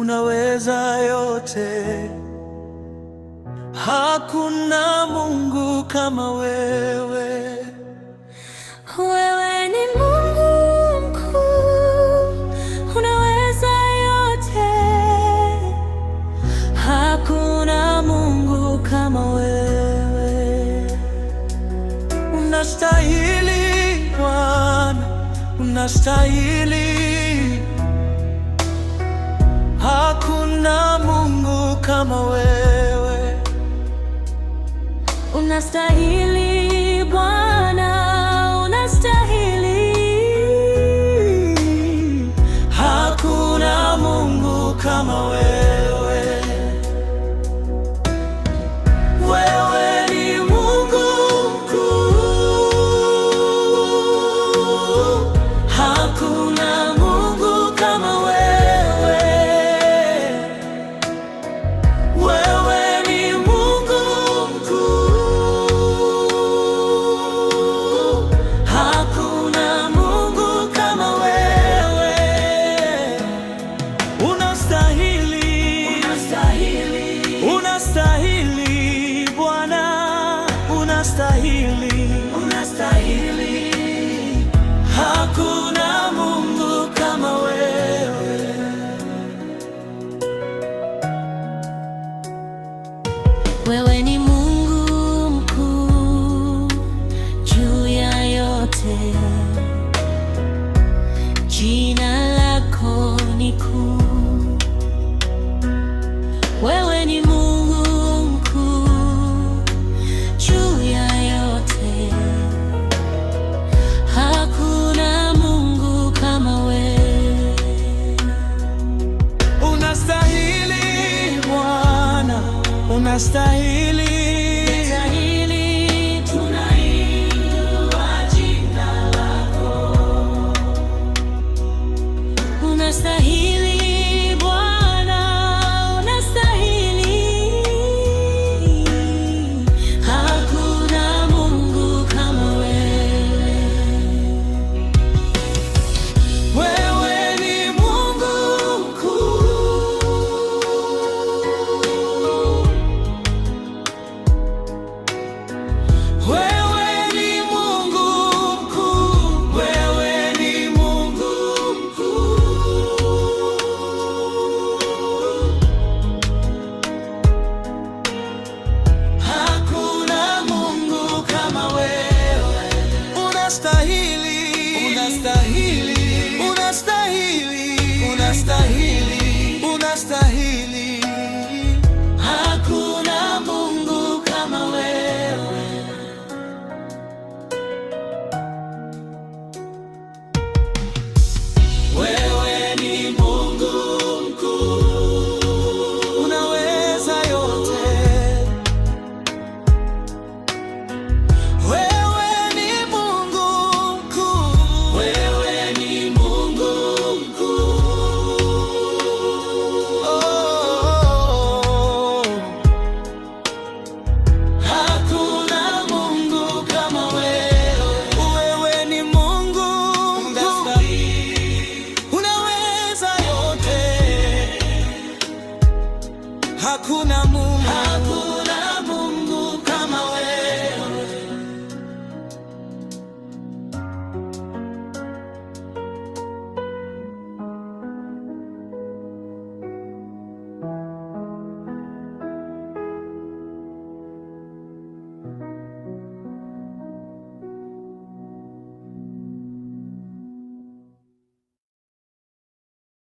unaweza yote, hakuna Mungu kama wewe. Wewe ni Mungu mkuu, unaweza yote, hakuna Mungu kama wewe. Unastahili Bwana, unastahili kama wewe unastahili Jina lako ni kuu, wewe ni Mungu mkuu juu ya yote, hakuna Mungu kama wewe. Unastahili Bwana, unastahili unastahili, unastahili.